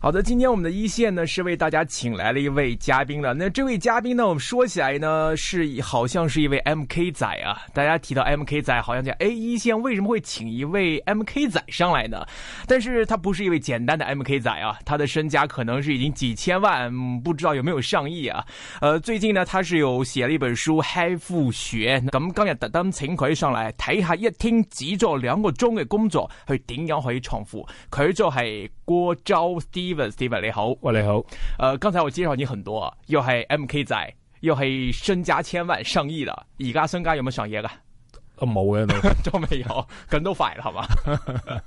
好的，今天我們的一線呢是為大家請來了一位嘉賓了。那這位嘉賓呢，我們說起來呢，是好像是一位 M K 仔啊。大家提到 M K 仔，好像講，誒一線為什麼會請一位 M K 仔上來呢？但是他不是一位簡單的 M K 仔啊，他的身家可能是已經幾千萬，嗯、不知道有沒有上億啊。呃，最近呢，他是有寫了一本書《HEA 富學》。咱們、嗯、剛才特登請佢上來，睇下一聽只做兩個鐘嘅工作，佢點樣可以創富？佢就係。郭釗 Steven，Steven 你好，喂、哦、你好，誒、呃，剛才我介紹你很多，啊，又係 MK 仔，又係身家千萬上億啦，而家身家有冇上億噶？啊，冇嘅 都都未有，咁 都快啦係嘛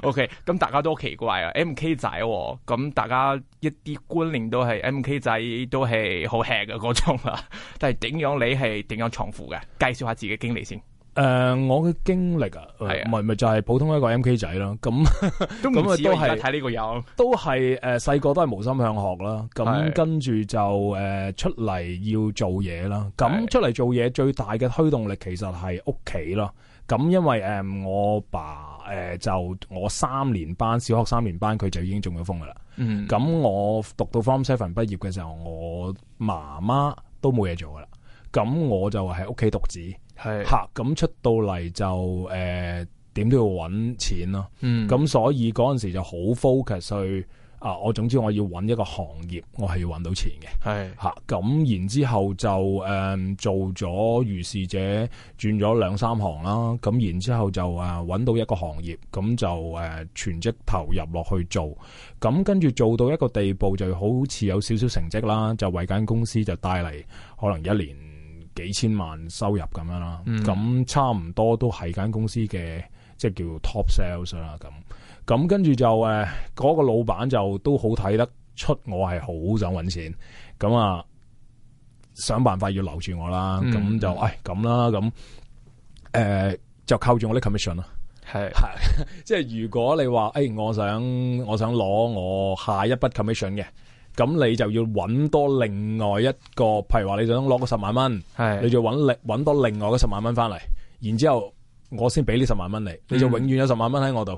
？OK，咁大家都好奇怪啊 ，MK 仔、哦，咁大家一啲觀念都係 MK 仔都係好 hea 嘅嗰種啊，但係點樣，你係點樣重富嘅？介紹下自己經歷先。誒、呃，我嘅經歷啊，唔係唔就係、是、普通一個 M K 仔咯。咁咁啊都係睇呢個樣都係誒細個都係無心向學啦。咁是跟住就誒、呃、出嚟，要做嘢啦。咁出嚟做嘢最大嘅推動力其實係屋企啦。咁因為誒、呃、我爸誒、呃、就我三年班小學三年班佢就已經中咗風噶啦。咁、嗯、我讀到 form seven 畢業嘅時候，我媽媽都冇嘢做噶啦。咁我就喺屋企獨子。係吓，咁是、啊、出到嚟就誒，點、呃、都要揾錢咯、啊。咁、嗯、所以嗰陣時就好 focus 去啊，我總之我要揾一個行業，我係要揾到錢嘅。係吓是，咁、啊、然之後就誒、嗯、做咗如是者，轉咗兩三行啦、啊。咁然之後就啊揾到一個行業，咁就誒、啊、全職投入落去做。咁跟住做到一個地步，就好似有少少成績啦，就為間公司就帶嚟可能一年。幾千萬收入咁樣啦，咁、嗯、差唔多都係間公司嘅，即、就、係、是、叫做 top sales 啦。咁咁跟住就誒，嗰、那個老闆就都好睇得出我係好想搵錢，咁啊，想辦法要留住我啦。咁、嗯、就誒，咁啦，咁誒、呃、就扣住我啲 commission 啦。係係，即係如果你話誒，我想我想攞我下一筆 commission 嘅。咁你就要揾多另外一個，譬如話你想攞個十萬蚊，是的 你就揾、揾多另外嗰十萬蚊翻嚟，然之後我先俾呢十萬蚊你，你就永遠有十萬蚊喺我度，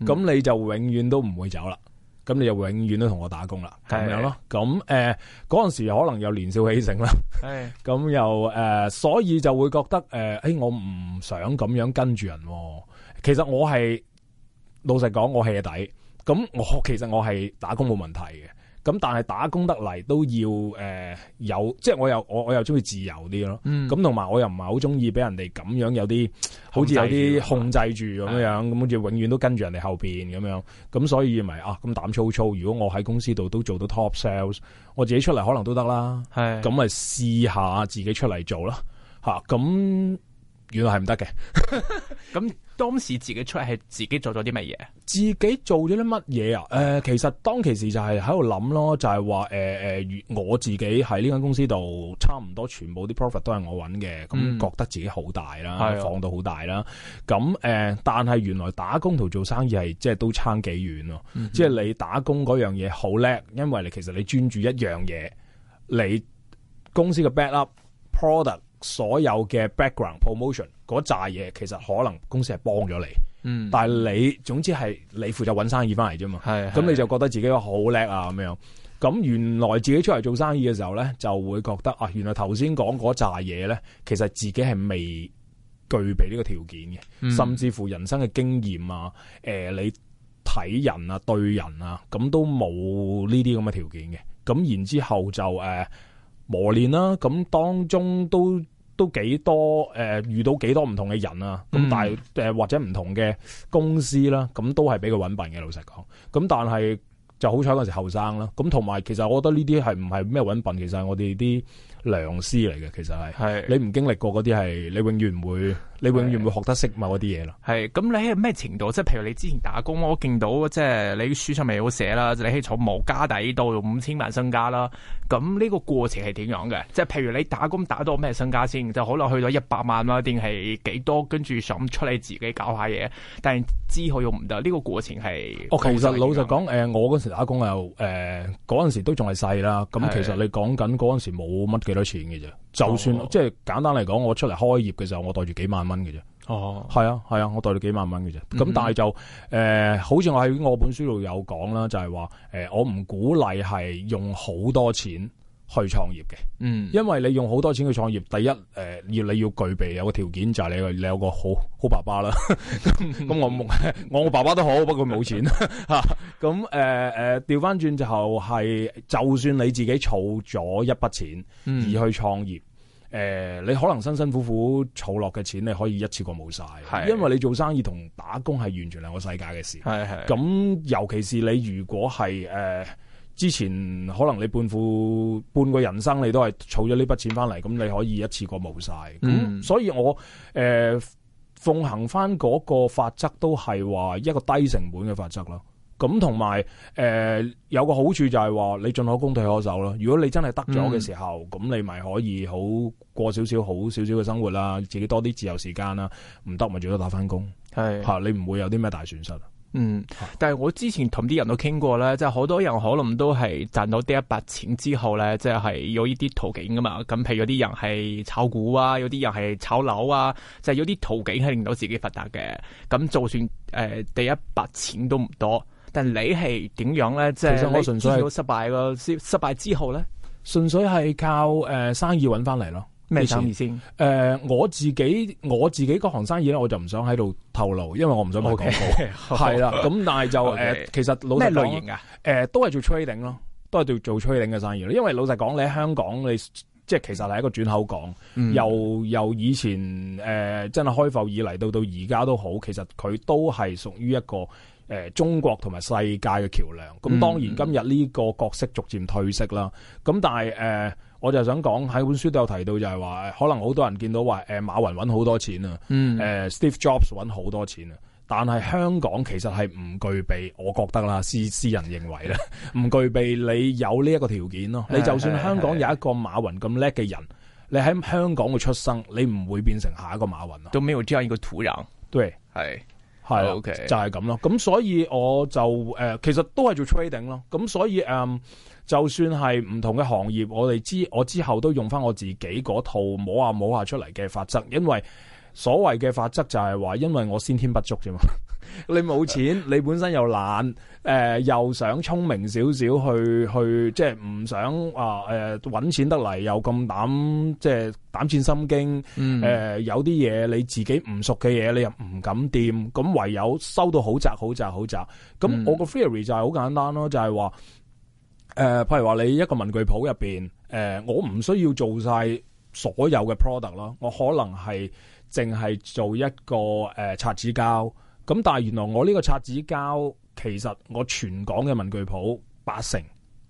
咁、嗯、你就永遠都唔會走啦，咁你就永遠都同我打工啦，咁是的 樣咯。咁誒嗰陣時可能又年少氣盛啦，咁是的 又誒、呃，所以就會覺得誒，誒、呃、我唔想咁樣跟住人、啊。其實我係老實講，我 hea 底，咁我其實我係打工冇問題嘅。咁但係打工得嚟都要誒、呃、有，即係我又我我又中意自由啲咯。咁同埋我又唔係好中意俾人哋咁樣有啲好似有啲控制住咁樣，咁好似永遠都跟住人哋後邊咁樣。咁所以咪啊咁膽粗粗。如果我喺公司度都做到 top sales，我自己出嚟可能都得啦。係咁咪試下自己出嚟做咯。嚇、啊、咁原來係唔得嘅。咁。當時自己出嚟係自己做咗啲乜嘢？自己做咗啲乜嘢啊？其實當其時就係喺度諗咯，就係、是、話、呃、我自己喺呢間公司度，差唔多全部啲 profit 都係我揾嘅，咁、嗯、覺得自己好大啦，嗯、放到好大啦。咁、嗯、但係、呃、原來打工同做生意係即係都差幾遠咯。即係、嗯、哼你打工嗰樣嘢好叻，因為你其實你專注一樣嘢，你公司嘅 back up product，所有嘅 background promotion。嗰扎嘢其實可能公司係幫咗你，嗯、但係你總之係你負責揾生意翻嚟啫嘛。咁是是 你就覺得自己好叻啊咁樣。咁原來自己出嚟做生意嘅時候咧，就會覺得啊，原來頭先講嗰扎嘢咧，其實自己係未具備呢個條件嘅，嗯、甚至乎人生嘅經驗啊，誒、呃、你睇人啊、對人啊，咁都冇呢啲咁嘅條件嘅。咁然之後就誒、呃、磨練啦、啊，咁當中都。都幾多、呃、遇到幾多唔同嘅人啊咁，但係、嗯、或者唔同嘅公司啦，咁都係俾佢揾笨嘅，老實講。咁但係就好彩嗰時後生啦。咁同埋其實我覺得呢啲係唔係咩揾笨，其實係我哋啲良師嚟嘅。其實係，是的 你唔經歷過嗰啲係，你永遠唔會。你永遠會學得識某一啲嘢咯。係，咁你喺咩程度？即係譬如你之前打工，我見到即係你書上咪好寫啦，你喺坐冇家底到五千萬身家啦。咁呢個過程係點樣嘅？即係譬如你打工打到咩身家先？就可能去到一百萬啦，定係幾多？跟住想出嚟自己搞下嘢，但係知佢又唔得。呢、呢個過程係其、哦、其實老實講、呃，我嗰時打工又誒嗰陣時都仲係細啦。咁其實你講緊嗰陣時冇乜幾多錢嘅啫。就算、哦、即係簡單嚟講，我出嚟開業嘅時候，我袋住幾萬蚊嘅啫。哦，係啊，係啊，我袋住幾萬蚊嘅啫。咁、嗯、哼但係就誒、呃，好似我喺我本書度有講啦，就係話誒，我唔鼓勵係用好多錢。去創業嘅，嗯，因為你用好多錢去創業，第一，誒、呃，要你要具備有個條件就係你，你有個好好爸爸啦。咁我、嗯、 我,我爸爸都好，不過冇錢咁誒誒，調翻轉就係、是，就算你自己儲咗一筆錢而去創業，誒、嗯呃，你可能辛辛苦苦儲落嘅錢，你可以一次過冇晒，的因為你做生意同打工係完全兩個世界嘅事。咁尤其是你如果係誒。呃之前可能你半副半個人生，你都係儲咗呢筆錢返嚟，咁你可以一次過冇晒。咁、嗯、所以我誒、呃、奉行返嗰個法則，都係話一個低成本嘅法則咯。咁同埋誒有個好處就係話你進可攻退可守咯。如果你真係得咗嘅時候，咁、嗯、你咪可以好過少少好少少嘅生活啦，自己多啲自由時間啦。唔得咪最多打返工，吓是 你唔會有啲咩大損失。嗯，但係我之前同啲人都傾過咧，即係好多人可能都係賺到第一筆錢之後咧，即係有呢啲途徑噶嘛。咁譬如有啲人係炒股啊，有啲人係炒樓啊，就係有啲途徑係令到自己發達嘅。咁就算誒第一筆錢都唔多，但你係點樣咧？即係我純粹要失敗咯，失敗之後咧？純粹係靠誒生意搵翻嚟咯。咩生意先？誒、呃、我自己我自己個行生意咧，我就唔想喺度透露，因為我唔想賣廣告。係啦 Okay. 咁但係就誒 Okay.、呃，其實老實講，咩類型啊誒、呃、都係做 trading 咯，都係做做 trading 嘅生意咯。因為老實講你喺香港，你即係其實係一個轉口港、嗯、由由以前誒、呃、真係開埠以嚟到到而家都好，其實佢都係屬於一個誒、呃、中國同埋世界嘅橋梁。咁當然今日呢個角色逐漸退色啦。咁、嗯、但係誒。呃我就想講喺本書都有提到，就係話，可能好多人見到話，誒馬雲揾好多錢啊，誒、嗯呃、Steve Jobs 揾好多錢啊，但係香港其實係唔具備，我覺得啦，私私人認為咧，唔具備你有呢一個條件咯。你就算香港有一個馬雲咁叻嘅人，你喺香港嘅出生，你唔會變成下一個馬雲啊。都因為只有呢個土壤，對，係係是啦 OK，就係咁咯。咁所以我就、呃、其實都係做 trading 咯。咁所以誒。呃就算係唔同嘅行業，我哋之我之後都用翻我自己嗰套摸下摸下出嚟嘅法則，因為所謂嘅法則就係話，因為我先天不足啫嘛。 你冇錢，你本身又懶，誒、呃、又想聰明少少去去，即係唔想啊誒搵錢得嚟又咁膽，即係膽戰心驚。誒、嗯呃、有啲嘢你自己唔熟嘅嘢，你又唔敢掂，咁唯有收到好窄、好窄、好窄。咁我個 theory 就係好簡單咯，就係、是、話。誒、呃，譬如話你一個文具鋪入邊，誒、呃，我唔需要做晒所有嘅 product 咯，我可能係淨係做一個誒擦紙膠，咁、呃、但係原來我呢個擦紙膠，其實我全港嘅文具鋪八成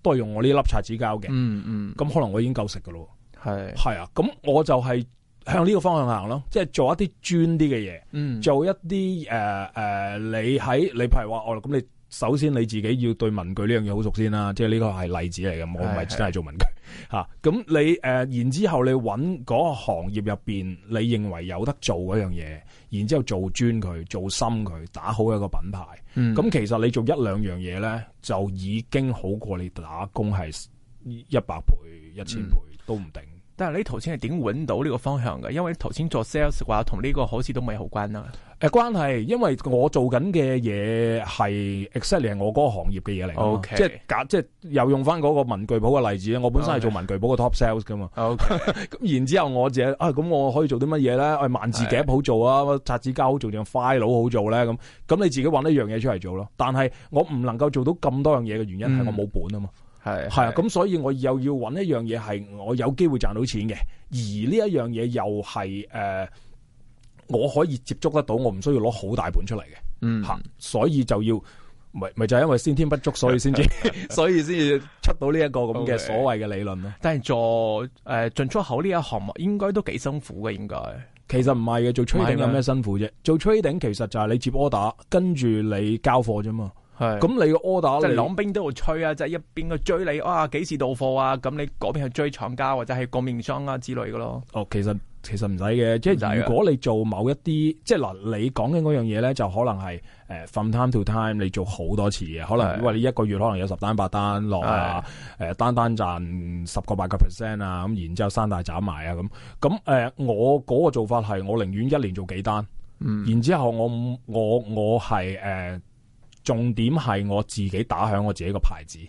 都係用我呢粒擦紙膠嘅，嗯嗯，咁可能我已經夠食噶咯，係係是啊，咁我就係向呢個方向行咯，即係做一啲專啲嘅嘢，嗯，做一啲誒誒，你喺你譬如話我。咁你。首先你自己要對文具呢樣嘢好熟先啦，即係呢個係例子嚟嘅，我唔係真係做文具吓，咁是是 你誒、呃、然之後你揾個行業入邊你認為有得做樣嘢，然之後，做專佢，做深佢，打好一個品牌。咁、嗯、其實你做一兩樣嘢咧，就已經好過你打工係一百倍、一千倍都唔定。嗯 但係你頭先係點揾到呢個方向㗎？因為你頭先做 sales 嘅話，同呢個好似都唔係好關啦、啊啊。誒關係，因為我做緊嘅嘢係 exactly 係我嗰個行業嘅嘢嚟，即係即係又用翻嗰個文具鋪嘅例子咧。我本身係做文具鋪嘅 top sales 㗎嘛。咁 Okay. Okay. 然之後我自己啊，咁我可以做啲乜嘢咧？誒、啊，萬字夾好做啊，擦紙膠好做仲有 file 佬好做咧？咁咁你自己揾一樣嘢出嚟做咯。但係我唔能夠做到咁多樣嘢嘅原因係、嗯、我冇本啊嘛。係係啊，咁所以我又要揾一樣嘢係我有機會賺到錢嘅，而呢一樣嘢又係誒、呃、我可以接觸得到，我唔需要攞好大本出嚟嘅。嗯，吓，所以就要咪咪就係因為先天不足，所以先至，所以先至出到呢一個咁嘅所謂嘅理論咧。Okay, 但係做誒進、呃、出口呢一項目應該都幾辛苦嘅，應該其實唔係嘅，做 trading 有咩辛苦啫？做 trading 其實就係你接 order，跟住你交貨啫嘛。咁，你個 order 即係兩邊都催啊！即、就、係、是、一邊去追你，哇、啊！幾時到貨啊？咁你嗰邊去追廠家或者係供應商啊之類嘅咯。哦，其實其實唔使嘅，即係如果你做某一啲，即係嗱，你講緊嗰樣嘢咧，就可能係誒、呃、from time to time 你做好多次嘅，可能話的你一個月可能有十單八單落啊，誒的、呃、單單賺十個八個 percent 啊，咁然之後三大斬埋啊咁。咁誒、呃，我嗰個做法係我寧願一年做幾單，嗯，然之後我我我係誒。呃重點係我自己打響我自己牌個牌子，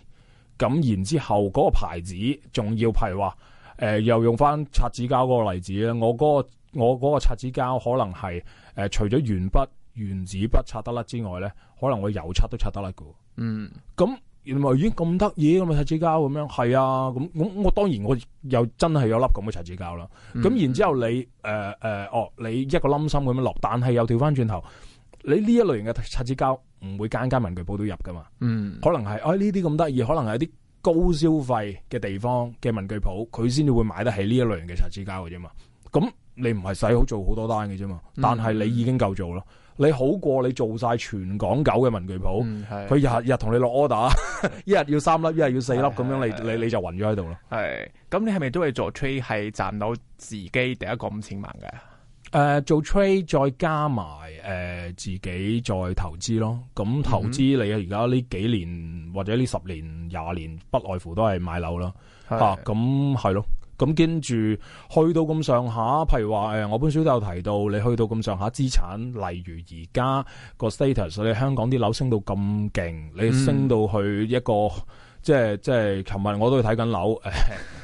咁然之後嗰個牌子仲要係話，誒又用翻擦紙膠嗰個例子咧。我嗰、那個我嗰擦紙膠可能係、呃、除咗原筆、原子筆擦得甩之外咧，可能我油擦都擦得甩嘅。嗯，咁原來已經咁得意咁嘅擦紙膠咁樣，係啊，咁咁我當然我又真係有粒咁嘅擦紙膠啦。咁、嗯、然之後你誒誒、呃呃，哦你一個冧心咁樣落，但係又掉翻轉頭，你呢一類型嘅擦紙膠。唔會間間文具鋪都入噶嘛嗯？嗯、哎，可能係哎呢啲咁得意，可能係啲高消費嘅地方嘅文具鋪，佢先至會買得起呢一類型嘅擦紙膠㗎啫嘛。咁你唔係使好做好多單嘅啫嘛？但係你已經夠做咯。你好過你做晒全港九嘅文具鋪，佢、嗯、日日同你落 order，的 一日要三粒，一日要四粒咁樣你，你你你就暈咗喺度咯。係，咁你係咪都係做 trade 係賺到自己第一個五千萬嘅？誒、呃、做 trade 再加埋誒、呃、自己再投資咯，咁投資你而家呢幾年、嗯、哼或者呢十年廿年不外乎都係買樓啦，咁係是、啊、咯，咁跟住去到咁上下，譬如話我本書都有提到，你去到咁上下資產，例如而家個 status，你香港啲樓升到咁勁，你升到去一個。嗯即係即係，琴日我都睇緊樓，誒，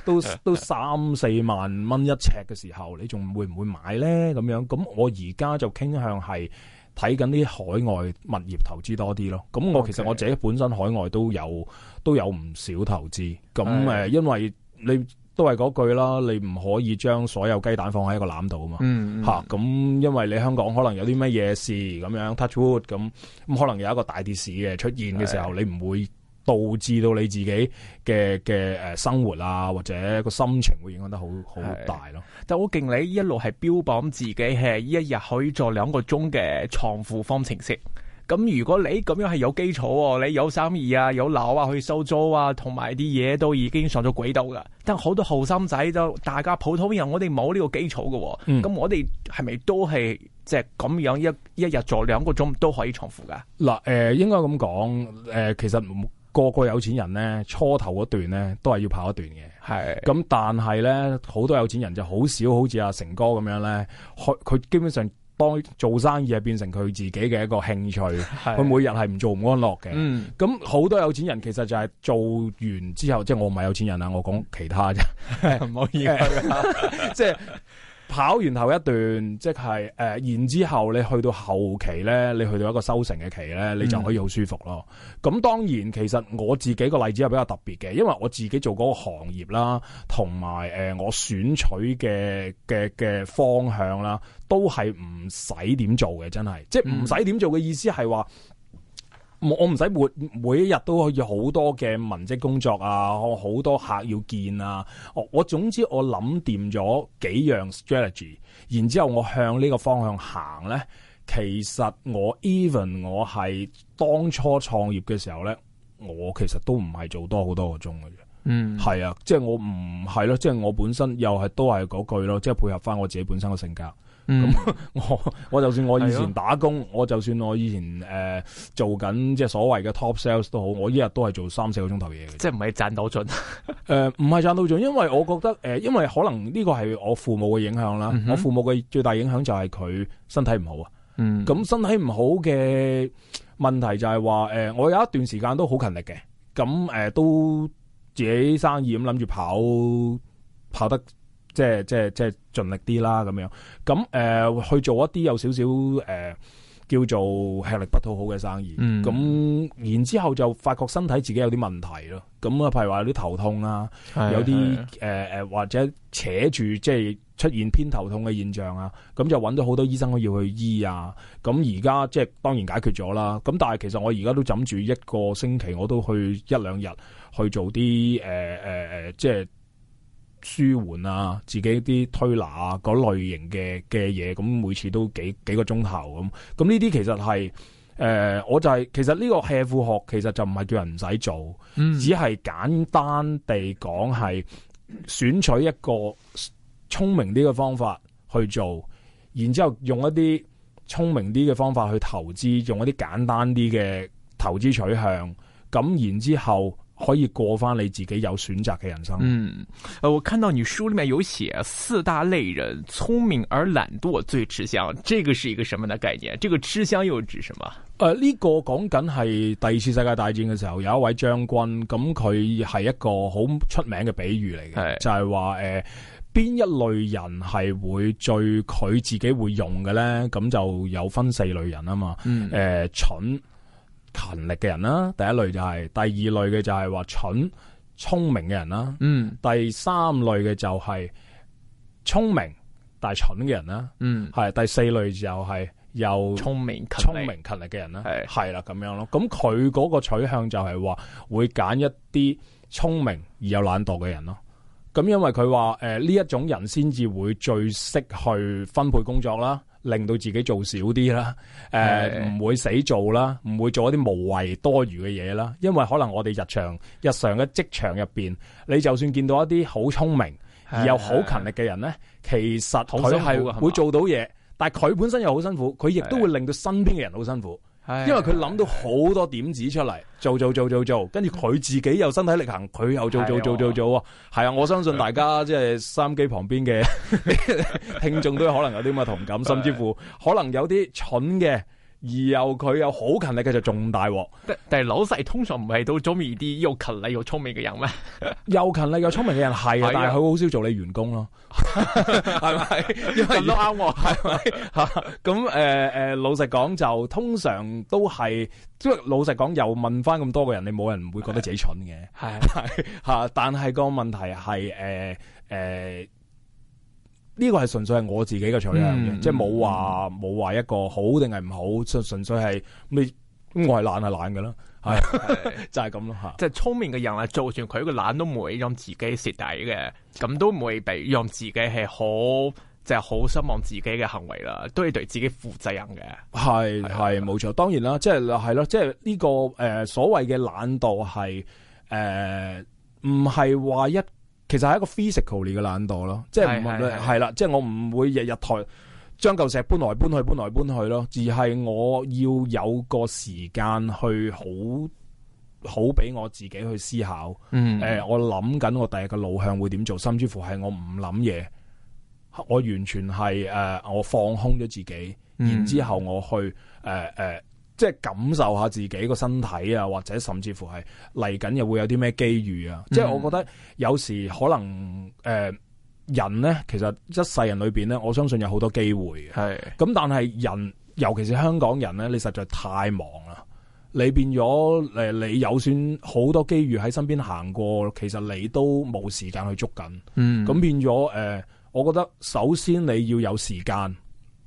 都都三四萬蚊一尺嘅時候，你仲會唔會買咧？咁樣咁，我而家就傾向係睇緊啲海外物業投資多啲咯。咁我其實我自己本身海外都有都有唔少投資。咁 Okay. 因為你都係嗰句啦，你唔可以將所有雞蛋放喺一個籃度、嗯嗯、啊嘛。嚇，咁因為你香港可能有啲咩嘢事咁樣 touch wood 咁，咁可能有一個大跌市嘅出現嘅時候，是你唔會。導致到你自己嘅嘅誒生活啊，或者個心情會影響得好好是大咯。但係我見你一路係標榜自己係一日可以做兩個鐘嘅創富方程式。咁如果你咁樣係有基礎、哦，你有生意啊，有樓啊，去收租啊，同埋啲嘢都已經上咗軌道噶，但好多後生仔都，大家普通人，我哋冇呢個基礎嘅、哦，咁、嗯、我哋係咪都係即係咁樣一一日做兩個鐘都可以創富噶？嗱、呃，誒應該咁講，誒、呃、其實。個個有錢人咧，初頭嗰段咧，都係要跑一段嘅。係咁是的，但係咧，好多有錢人就好少，好似阿成哥咁樣咧，佢佢基本上當做生意，變成佢自己嘅一個興趣。係佢是的 每日係唔做唔安樂嘅。嗯，咁好多有錢人其實就係做完之後，即係、嗯、我唔係有錢人啊，我講其他啫。唔好意思，即係。跑完後一段，即係誒、呃，然之後你去到後期咧，你去到一個收成嘅期咧，你就可以好舒服咯。咁、嗯、當然，其實我自己個例子係比較特別嘅，因為我自己做嗰個行業啦，同埋誒我選取嘅嘅嘅方向啦，都係唔使點做嘅，真係，即係唔使點做嘅意思係話。嗯嗯我唔使每每一日都可以好多嘅文職工作啊，我好多客要見啊，我我總之我諗掂咗幾樣 strategy，然之後我向呢個方向行咧，其實我 even 我係當初創業嘅時候咧，我其實都唔係做多好多個鐘嘅，嗯，係啊，即、就、係、是、我唔係咯，即、就、係、是、我本身又係都係嗰句咯，即、就、係、是、配合翻我自己本身嘅性格。咁、嗯、我我就算我以前打工，啊、我就算我以前、呃、做緊即係所謂嘅 top sales 都好，我一日都係做三四個鐘頭嘢嘅。即係唔係賺到盡？誒唔係賺到盡，因為我覺得、呃、因為可能呢個係我父母嘅影響啦。嗯、哼我父母嘅最大影響就係佢身體唔好啊。咁、嗯、身體唔好嘅問題就係話、呃、我有一段時間都好勤力嘅，咁、呃、都自己生意咁諗住跑跑得，即係即係即係盡力啲啦，咁樣咁誒、呃、去做一啲有少少誒叫做吃力不討好嘅生意，咁、嗯、然之後就發覺身體自己有啲問題咯。咁啊，譬如話有啲頭痛啊，有啲誒或者扯住即係出現偏頭痛嘅現象啊，咁就搵到好多醫生要去醫啊。咁而家即係當然解決咗啦。咁但係其實我而家都枕住一個星期，我都去一兩日去做啲誒、呃呃、即係。舒緩啊，自己啲推拿啊，嗰類型嘅嘅嘢，咁每次都幾幾個鐘頭咁，咁呢啲其實係，誒、呃，我就係其實呢個 HEA 富學，其實，其實就唔係叫人唔使做，嗯、只係簡單地講係選取一個聰明啲嘅方法去做，然之後用一啲聰明啲嘅方法去投資，用一啲簡單啲嘅投資取向，咁然之後。可以過翻你自己有選擇嘅人生。嗯，誒、呃，我看到你書裏面有寫四大類人，聰明而懶惰最吃香。這個是一個乜嘢概念？這個吃香又指什麼？誒、呃，呢、這個講緊係第二次世界大戰嘅時候有一位將軍，咁佢係一個好出名嘅比喻嚟嘅，是就係話誒邊一類人係會最佢自己會用嘅呢？咁就有分四類人啊嘛。呃、嗯，誒，蠢。勤力嘅人啦、啊，第一類就係、是，第二類嘅就係話蠢聰明嘅人啦、啊，嗯，第三類嘅就係聰明但係蠢嘅人啦、啊，嗯，係第四類就係又聰明聰明勤力嘅人啦、啊，係係啦咁樣咯，咁佢嗰個取向就係話會揀一啲聰明而又懶惰嘅人咯、啊，咁因為佢話誒呢一種人先至會最識去分配工作啦、啊。令到自己做少啲啦，誒、呃、唔是的 會死做啦，唔會做一啲無謂多餘嘅嘢啦，因為可能我哋日常日常嘅職場入邊，你就算見到一啲好聰明而又好勤力嘅人咧，是的 其實佢都係會做到嘢，是的 但係佢本身又好辛苦，佢亦都會令到身邊嘅人好辛苦。是的 因為佢諗到好多點子出嚟，做做做做做，跟住佢自己又身體力行，佢又做做做做做，係啊！ 我相信大家即係收音機旁邊嘅 聽眾都可能有啲咁嘅同感，甚至乎可能有啲蠢嘅。而又佢又好勤力嘅就仲大鑊，但係老細通常唔係都中意啲又勤力又聰明嘅人咩？又勤力又聰明嘅人係，的但係佢好少做你員工咯，係咪？ 因為都啱喎，係咪？咁誒誒，老實講就通常都係，即係老實講又問翻咁多個人，你冇人唔會覺得自己蠢嘅，係吓。但係個問題係誒誒。呃呃呢個係純粹係我自己嘅取向，即係冇話冇話一個好定係唔好，純粹係、嗯、我係懶係懶嘅啦，係、嗯、是 就係咁咯，吓。即係聰明嘅人啊，做住佢個懶都唔會讓自己蝕底嘅，咁都唔會俾讓自己係好，即係好失望自己嘅行為啦，都要對自己負責任嘅。係係冇錯，當然啦，即係係咯，即係呢個誒、呃、所謂嘅懶惰係誒唔係話一。其實係一個 physical 嘅懶惰咯，即係唔係係啦，即係是、就是、我唔會日日抬將嚿石搬來搬去，搬來搬去咯，而係我要有個時間去好好俾我自己去思考，誒、嗯呃，我諗緊我第日嘅路向會點做，甚至乎係我唔諗嘢，我完全係誒、呃、我放空咗自己，然之後我去誒誒。呃呃即係感受下自己個身體啊，或者甚至乎係嚟緊又會有啲咩機遇啊！嗯、即係我覺得有時可能誒、呃、人呢，其實一世人裏面呢，我相信有好多機會咁，是但係人尤其是香港人呢，你實在太忙啦！你變咗你，你有算好多機遇喺身邊行過，其實你都冇時間去捉緊。咁、嗯、變咗、呃、我覺得首先你要有時間，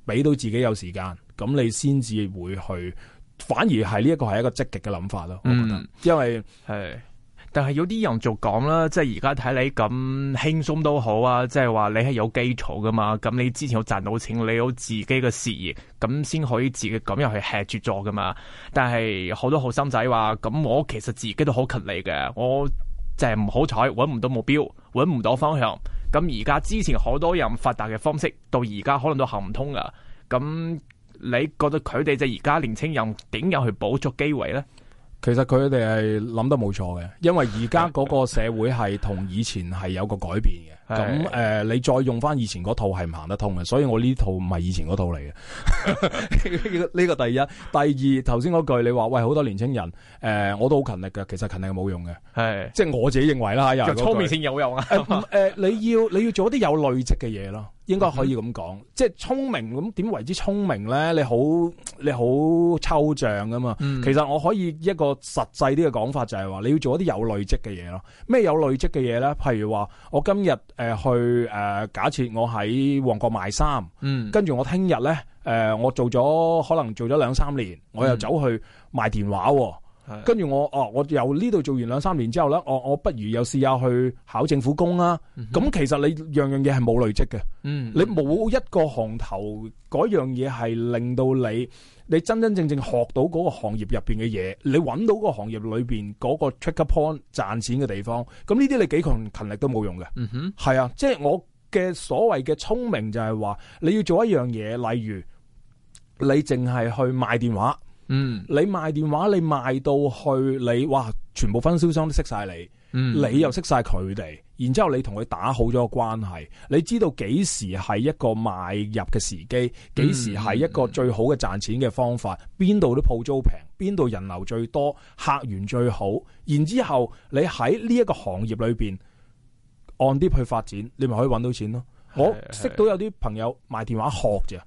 俾到自己有時間，咁你先至會去。反而係呢一個係一個積極嘅諗法咯，我覺得，因為係，但係有啲人就講啦，即係而家睇你咁輕鬆都好啊，即係話你係有基礎噶嘛，咁你之前有賺到錢，你有自己嘅事業，咁先可以自己咁樣去吃住咗噶嘛。但係好多後生仔話，咁我其實自己都好勤力嘅，我就係唔好彩，搵唔到目標，搵唔到方向。咁而家之前好多人發達嘅方式，到而家可能都行唔通啊，咁。你覺得佢哋就而家年青人點樣去捕捉機會咧？其實佢哋係諗得冇錯嘅，因為而家嗰個社會係同以前係有個改變嘅。咁誒的、呃，你再用翻以前嗰套係唔行得通嘅，所以我呢套唔係以前嗰套嚟嘅。呢的 個第一、第二，頭先嗰句你話喂，好多年輕人誒、呃，我都好勤力嘅，其實勤力係冇用嘅，係的即係我自己認為啦吓。就聰明先有用啊？誒，你要你要做啲有累積嘅嘢咯。應該可以咁講，嗯、即係聰明，咁點為之聰明咧？你好你好抽象啊嘛。嗯、其實我可以一個實際啲嘅講法就係話，你要做一啲有累積嘅嘢咯。咩有累積嘅嘢咧？譬如話，我今日誒去誒，假設我喺旺角賣衫，跟住、嗯、我聽日咧誒，我做咗可能做咗兩三年，我又走去賣電話喎。嗯嗯跟住我，哦、啊，我由呢度做完兩三年之後咧，我、啊、我不如又試下去考政府工啦，啊。咁、mm hmm. 其實你樣樣嘢係冇累積嘅，mm hmm. 你冇一個行頭，嗰樣嘢係令到你，你真真正正學到嗰個行業入邊嘅嘢，你搵到個行業裏邊嗰個 check point 賺錢嘅地方。咁呢啲你幾勤勤力都冇用嘅。嗯哼、mm，係、hmm. 啊，即係我嘅所謂嘅聰明就係話，你要做一樣嘢，例如你淨係去賣電話。嗯，你賣電話，你賣到去你，哇，全部分銷商都識晒你，嗯，你又識晒佢哋，然之後你同佢打好咗個關係，你知道幾時係一個買入嘅時機，幾、嗯、時係一個最好嘅賺錢嘅方法，邊度、嗯、都鋪租平，邊度人流最多，客源最好，然之後你喺呢一個行業裏邊按啲去發展，你咪可以揾到錢咯。的我識到有啲朋友賣的電話學啫，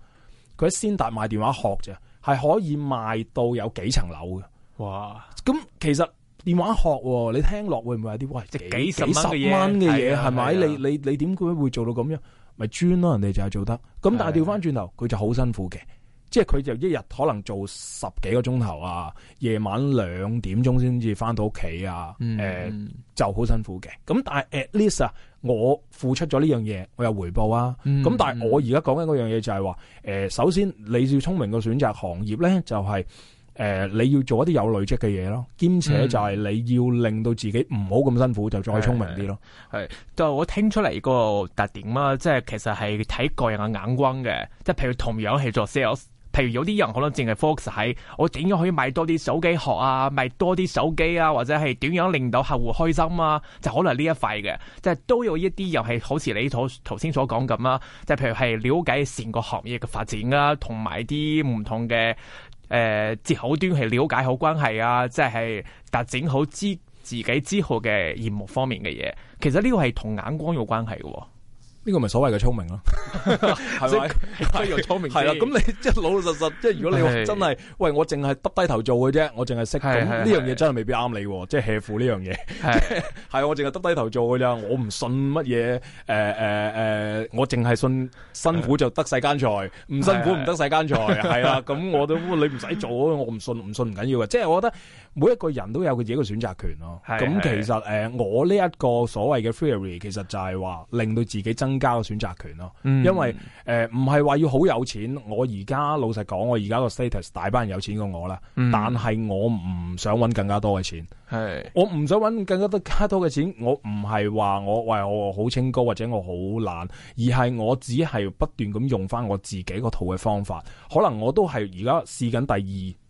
佢喺先達賣電話學啫。係可以賣到有幾層樓嘅，哇！咁其實電話殼喎，你聽落會唔會有啲喂？即幾，幾十蚊嘅嘢，係咪？你你你點解會做到咁樣？咪專咯，人哋就係做得。咁但係調翻轉頭，佢就好辛苦嘅，是的即係佢就一日可能做十幾個鐘頭啊，夜晚兩點鐘先至翻到屋企啊，誒、嗯呃、就好辛苦嘅。咁但係 at least 啊。我付出咗呢樣嘢，我有回報啊！咁、嗯、但係我而家講緊嗰樣嘢就係話、呃，首先你要聰明嘅選擇行業咧，就係、是呃、你要做一啲有累積嘅嘢咯，兼且就係你要令到自己唔好咁辛苦，就再聰明啲咯。係、嗯，就我聽出嚟個特點啊，即係其實係睇個人嘅眼光嘅，即係譬如同樣係做 sales。譬如有啲人可能淨係 focus 喺我點樣可以賣多啲手機殼啊，賣多啲手機啊，或者係點樣令到客戶開心啊，就可能呢一塊嘅，即係都有一啲又係好似你所頭先所講咁啦，即係譬如係了解成個行業嘅發展啊，同埋啲唔同嘅誒接口端係了解好關係啊，即係拓展好知自己之後嘅業務方面嘅嘢，其實呢個係同眼光有關係嘅。呢個咪所謂嘅聰明咯，係咪？即係聰明。係啦，咁你即係老老實實。即係如果你話真係，喂，我淨係耷低頭做嘅啫，我淨係識。咁呢樣嘢真係未必啱你，即係吃苦呢樣嘢。係，我淨係耷低頭做㗎啦。我唔信乜嘢，誒誒誒，我淨係信辛苦就得世間財，唔辛苦唔得世間財。係啦，咁我都，你唔使做，我唔信，唔信唔緊要嘅。即係我覺得。每一個人都有佢自己嘅選擇權咯，咁是的 其實誒是的、呃，我呢一個所謂嘅 theory 其實就係話令到自己增加個選擇權咯，嗯、因為誒唔係話要好有錢，我而家老實講，我而家個 status 大班人有錢過我啦，嗯、但係我唔想搵更加多嘅錢。係，是我唔想揾更加多加多嘅錢，我唔係話我喂我好清高或者我好懶，而係我只係不斷咁用翻我自己個套嘅方法。可能我都係而家試緊第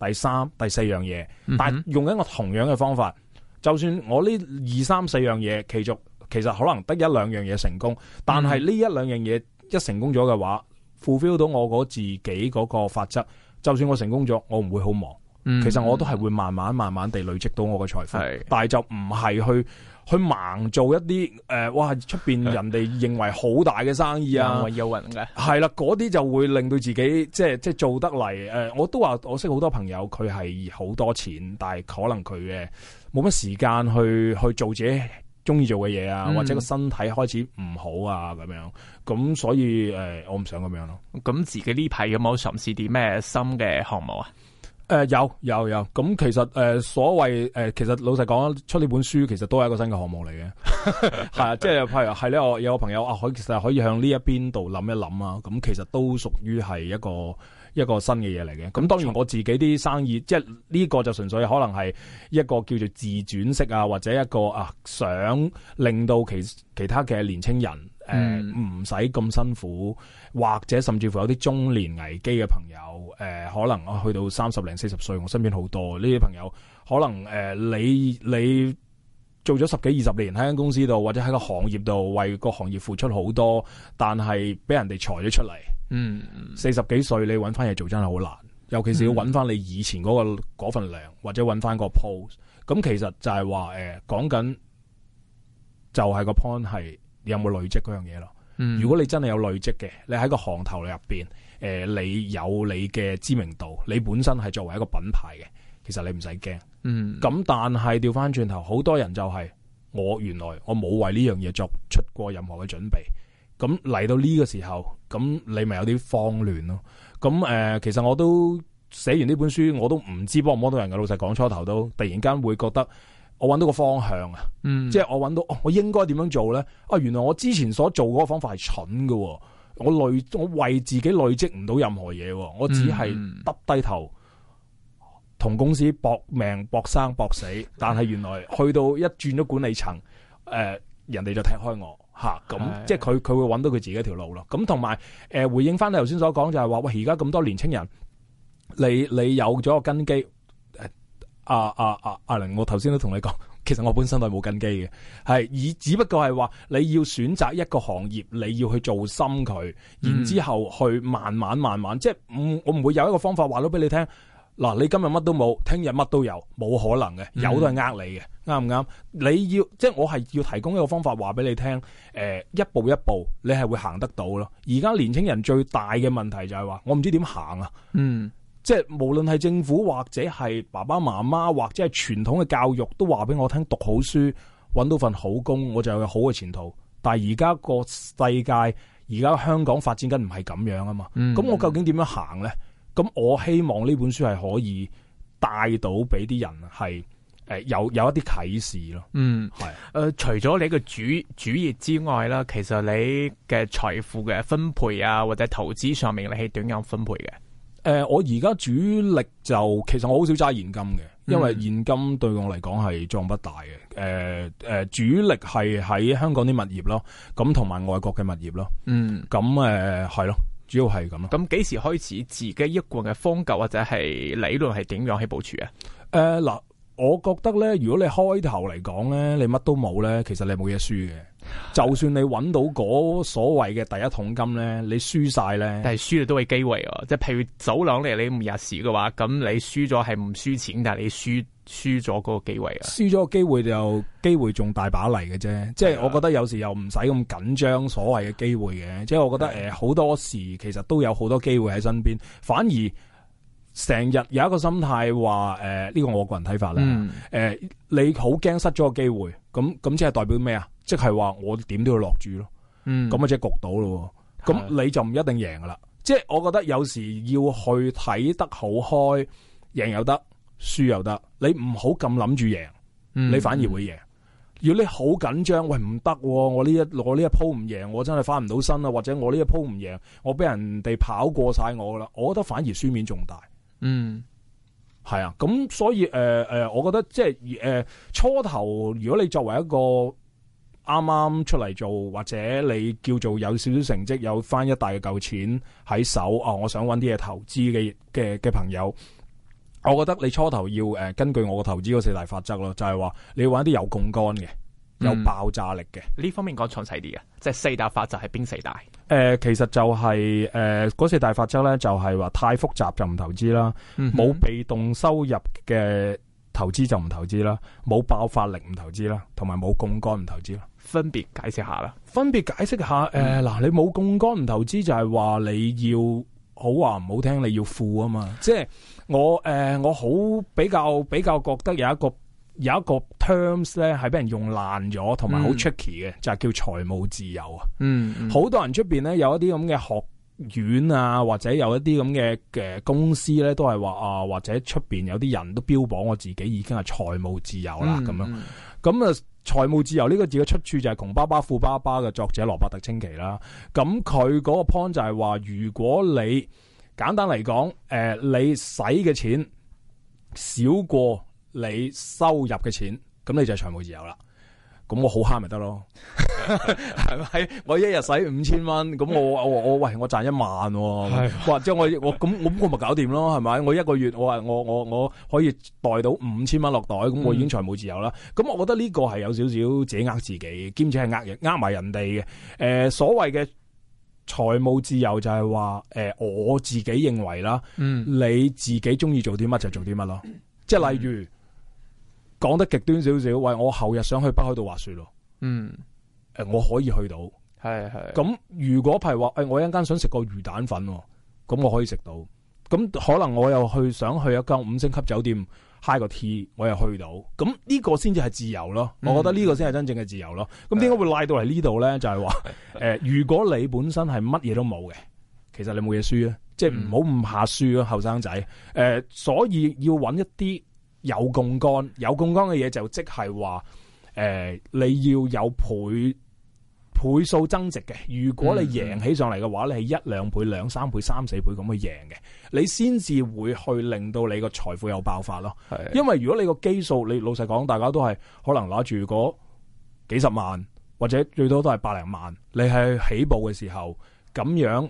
二、第三、第四樣嘢，但用緊我同樣嘅方法。嗯、哼就算我呢二三四樣嘢其中，其實可能得一兩樣嘢成功，但係呢一兩樣嘢一成功咗嘅話 fulfill 到我嗰自己嗰個法則。就算我成功咗，我唔會好忙。嗯嗯，其實我都係會慢慢慢慢地累積到我嘅財富，是的 但係就唔係去去盲做一啲誒、呃，哇出面人哋認為好大嘅生意啊，有的人嘅係啦，嗰啲就會令到自己即係即係做得嚟誒、呃。我都話我識好多朋友，佢係好多錢，但係可能佢嘅冇乜時間去去做自己中意做嘅嘢啊，嗯、或者個身體開始唔好啊咁樣。咁所以誒、呃，我唔想咁樣咯。咁自己呢排有冇嘗試啲咩新嘅項目啊？誒、呃，有有有，咁、嗯、其實誒、呃，所謂誒、呃，其實老實講，出呢本書其實都係一個新嘅項目嚟嘅，係啊， 即係係係咧，我有個朋友啊，可其實可以向呢一邊度諗一諗啊，咁、嗯、其實都屬於係一個一個新嘅嘢嚟嘅，咁、嗯、當然我自己啲生意，即係呢個就純粹可能係一個叫做自傳式啊，或者一個啊想令到其其他嘅年青人誒唔使咁辛苦，或者甚至乎有啲中年危機嘅朋友。誒、呃，可能我、啊、去到三十零四十歲，我身邊好多呢啲朋友，可能誒、呃，你你做咗十幾二十年喺間公司度，或者喺個行業度為個行業付出好多，但係俾人哋裁咗出嚟、嗯。嗯，四十幾歲你搵翻嘢做真係好難，尤其是要搵翻你以前嗰個嗰份糧，嗯、或者搵翻個 pose、嗯。咁、嗯、其實就係話，誒、呃，講緊就係個 point 係你有冇累積嗰樣嘢咯。如果你真係有累積嘅，你喺個行頭入邊，誒、呃，你有你嘅知名度，你本身係作為一個品牌嘅，其實你唔使驚。咁、嗯嗯嗯、但係調翻轉頭，好多人就係、是、我原來我冇為呢樣嘢作出過任何嘅準備，咁嚟到呢個時候，咁你咪有啲慌亂咯。咁誒、呃，其實我都寫完呢本書，我都唔知幫唔幫到人嘅。老實講，初頭都突然間會覺得。我揾到個方向啊！嗯、即係我揾到、哦，我應該點樣做咧？啊，原來我之前所做嗰個方法係蠢噶，我累，我為自己累積唔到任何嘢，我只係耷低頭同公司搏命、搏生、搏死。但係原來去到一轉咗管理層，誒、呃，人哋就踢開我吓。咁、啊、是的 即係佢佢會揾到佢自己一條路咯。咁同埋誒，回應翻你頭先所講就係話，喂，而家咁多年青人，你你有咗個根基。阿阿阿阿玲，我頭先都同你講，其實我本身都係冇根基嘅，係只不過係話你要選擇一個行業，你要去做深佢，然之後去慢慢慢慢，嗯、即係唔我唔會有一個方法話到俾你聽。嗱，你今日乜都冇，聽日乜都有，冇可能嘅，有都係呃你嘅，啱唔啱？你要即係我係要提供一個方法話俾你聽，誒、呃、一步一步，你係會行得到咯。而家年輕人最大嘅問題就係、是、話，我唔知點行啊。嗯。即係無論係政府或者係爸爸媽媽或者係傳統嘅教育，都話俾我聽，讀好書，揾到份好工，我就有好嘅前途。但係而家個世界，而家香港發展緊唔係咁樣啊嘛。咁、嗯、我究竟點樣行呢？咁、嗯、我希望呢本書係可以帶到俾啲人係誒有有一啲啟示咯。嗯，係。誒、呃，除咗你嘅主主業之外啦，其實你嘅財富嘅分配啊，或者投資上面，你係點樣分配嘅？呃、我而家主力就其實我好少揸現金嘅，因為現金對我嚟講係作用不大嘅、呃呃。主力係喺香港啲物業咯，咁同埋外國嘅物業咯。嗯，咁誒係咯，主要係咁咯。咁幾、嗯、時開始自己一貫嘅風格或者係理論係點樣去部署啊？嗱、呃，我覺得咧，如果你開頭嚟講咧，你乜都冇咧，其實你冇嘢輸嘅。就算你揾到嗰所謂嘅第一桶金呢，你輸晒呢，但係輸嘅都係機會啊！即係譬如走兩日你唔入市嘅話，咁你輸咗係唔輸錢，但係你輸輸咗嗰個機會啊！輸咗個機會就機會仲大把嚟嘅啫，即係、嗯、我覺得有時又唔使咁緊張所謂嘅機會嘅，即係、嗯、我覺得誒好多時其實都有好多機會喺身邊，反而。成日有一個心態話，誒、呃、呢、呢個我個人睇法啦，嗯、呃。你好驚失咗個機會，咁咁即係代表咩啊？即係話我點都要落注咯。咁啊，即係焗到咯。咁你就唔一定贏噶啦。是的 即係我覺得有時要去睇得好開，贏又得，輸又得。你唔好咁諗住贏，你反而會贏。嗯、如果你好緊張，喂唔得，啊，我呢一我呢一鋪唔贏，我真係翻唔到身啦，啊。或者我呢一鋪唔贏，我俾人哋跑過晒我啦。我覺得反而輸面仲大。嗯，係啊，咁所以誒誒、呃，我覺得即係誒初頭，如果你作為一個啱啱出嚟做，或者你叫做有少少成績，有翻一大嚿錢喺手啊、哦，我想揾啲嘢投資嘅嘅嘅朋友，我覺得你初頭要誒、呃，根據我個投資嗰四大法則咯，就係、是、話你要揾啲有槓桿嘅。有爆炸力嘅呢、嗯、方面講詳細啲嘅，即係四大法則係邊四大？誒、呃，其實就係誒嗰四大法則咧，就係、是、話太複雜就唔投資啦，冇、嗯、哼被動收入嘅投資就唔投資啦，冇爆發力唔投資啦，同埋冇槓桿唔投資啦。分別解釋下啦，分別解釋下誒嗱、嗯呃，你冇槓桿唔投資就係話你要好話唔好聽，你要負啊嘛，即係我誒、呃、我好比較比較覺得有一個。有一個 terms 咧係俾人用爛咗，同埋好 tricky 嘅，嗯、就係叫財務自由啊。嗯、嗯，好多人出邊咧有一啲咁嘅學院啊，或者有一啲咁嘅嘅公司咧，都係話啊，或者出邊有啲人都標榜我自己已經係財務自由啦咁、嗯嗯、樣。咁啊，財務自由呢個字嘅出處就係窮爸爸富爸爸嘅作者羅伯特清崎啦。咁佢嗰個 point 就係話，如果你簡單嚟講，誒、呃，你使嘅錢少過你收入嘅錢，咁你就係財務自由啦。咁我好慳咪得咯，係咪？ 我一日使五千蚊，咁我我我喂，我賺一萬、啊，係， 哇！即係我我咁我我咪搞掂咯，係咪？我一個月我話我我我可以袋到五千蚊落袋，咁我已經財務自由啦。咁、嗯、我覺得呢個係有少少自己呃自己，兼且係呃人嘅，呃埋人哋嘅。誒，所謂嘅財務自由就係話誒我自己認為啦，嗯，你自己中意做啲乜就做啲乜咯，嗯、即係例如。嗯講得極端少少，喂！我後日想去北海道滑雪咯。嗯，誒、呃，我可以去到，係係。咁、嗯、如果係話，誒、欸，我一間想食個魚蛋粉，咁我可以食到。咁、嗯、可能我又去想去一間五星級酒店 high 個 tea 我又去到。咁、嗯、呢個先至係自由咯。我覺得呢個先係真正嘅自由咯。咁點解會賴到嚟呢度咧？就係、是、話，誒、呃，如果你本身係乜嘢都冇嘅，其實你冇嘢輸啊，即係唔好唔怕輸啊，後生仔。誒，所以要搵一啲。有槓桿，有槓桿嘅嘢，就即係話，誒、呃、你要有倍倍數增值嘅。如果你贏起上嚟嘅話，你係一兩倍、兩三倍、三四倍咁去贏嘅，你先至會去令到你個財富有爆發咯。因為如果你個基數，你老實講，大家都係可能攞住嗰幾十萬，或者最多都係百零萬，你係起步嘅時候。咁樣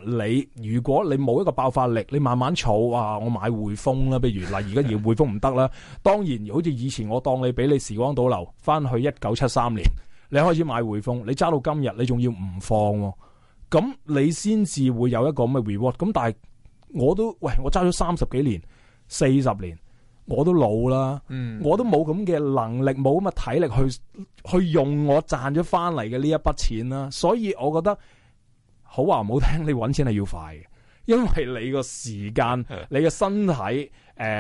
你如果你冇一個爆發力，你慢慢儲啊，我買匯豐啦。不如嗱，而家要匯豐唔得啦。 當然，好似以前我當你俾你時光倒流，翻去一九七三年，你開始買匯豐，你揸到今日，你仲要唔放喎？咁你先至會有一個咁嘅 reward。咁但係我都喂，我揸咗三十幾年、四十年，我都老啦，嗯、我都冇咁嘅能力，冇咁嘅體力去去用我賺咗翻嚟嘅呢一筆錢啦。所以我覺得。好話唔好聽，你搵錢係要快嘅，因為你個時間、你嘅身體、誒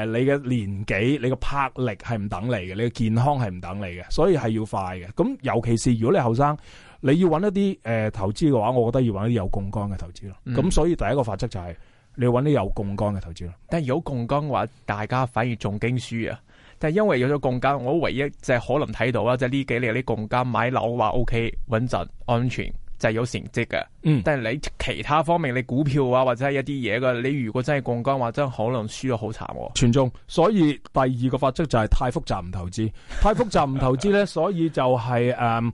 你嘅年紀、你嘅魄力係唔等你嘅，你嘅健康係唔等你嘅，所以係要快嘅。咁尤其是如果你後生，你要搵一啲誒、呃、投資嘅話，我覺得要搵啲有槓桿嘅投資咯。咁、嗯、所以第一個法則就係、是，你要搵啲有槓桿嘅投資咯。但係有槓桿嘅話，大家反而仲驚輸啊！但係因為有咗槓桿，我唯一即係可能睇到啦，即係呢幾年啲槓桿買樓話 OK 穩陣安全。就係有成績嘅，嗯、但係你其他方面，你股票啊或者係一啲嘢嘅，你如果真係槓桿，話真可能輸咗好慘。全中，所以第二個法則就係太複雜唔投資，太複雜唔投資咧， 所以就係、是、誒、嗯，